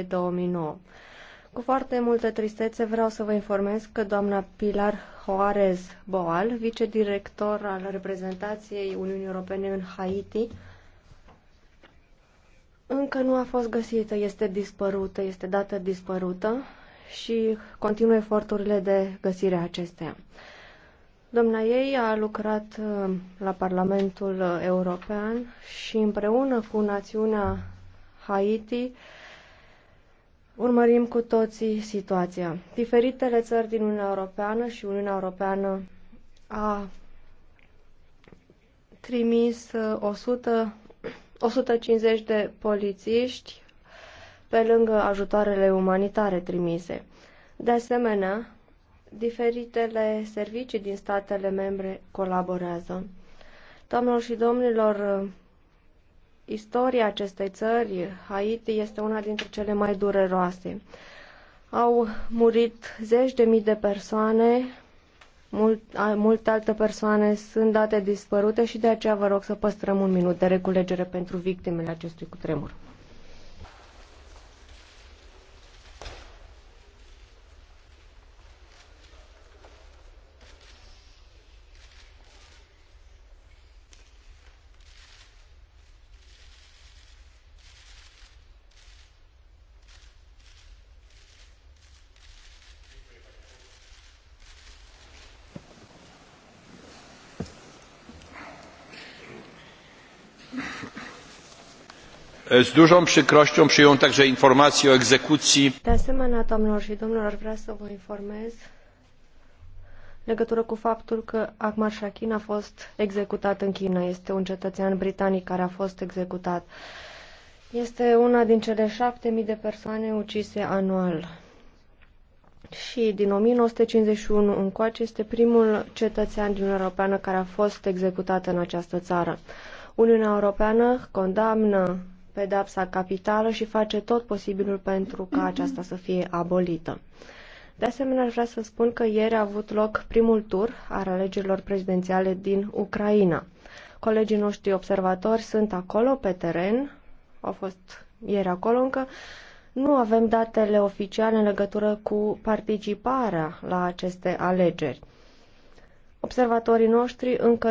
2009. Cu foarte multă tristețe vreau să vă informez că doamna Pilar Joarez Boal, vicedirector al reprezentației Uniunii Europene în Haiti, încă nu a fost găsită, este dispărută, este dată dispărută și continuă eforturile de găsire a acesteia. Domna ei a lucrat uh, la Parlamentul European și împreună cu națiunea Haiti urmărim cu toții situația. Diferitele țări din Uniunea Europeană și Uniunea Europeană a trimis 100, uh, 150 de polițiști pe lângă ajutoarele umanitare trimise. De asemenea, diferitele servicii din statele membre colaborează. Doamnelor și domnilor, Istoria acestei țări, Haiti, este una dintre cele mai dureroase. Au murit zeci de mii de persoane, mult, multe alte persoane sunt date dispărute și de aceea vă rog să păstrăm un minut de reculegere pentru victimele acestui cutremur. Z dużą przykrością przyjąłem także informację o egzekucji. De asemenea, doamnelor și domnilor, vreau să vă informez legătură cu faptul că Ahmad Shakin a fost executat în China. Este un cetățean britanic care a fost executat. Este una din cele șapte mii de persoane ucise anual și din 1951 încoace este primul cetățean din Europeană care a fost executat în această țară. Uniunea Europeană condamnă pedapsa capitală și face tot posibilul pentru ca aceasta să fie abolită. De asemenea, aș vrea să spun că ieri a avut loc primul tur al alegerilor prezidențiale din Ucraina. Colegii noștri observatori sunt acolo, pe teren, au fost ieri acolo încă, uh, nu avem datele oficiale în legătură cu participarea la aceste alegeri. Observatorii noștri încă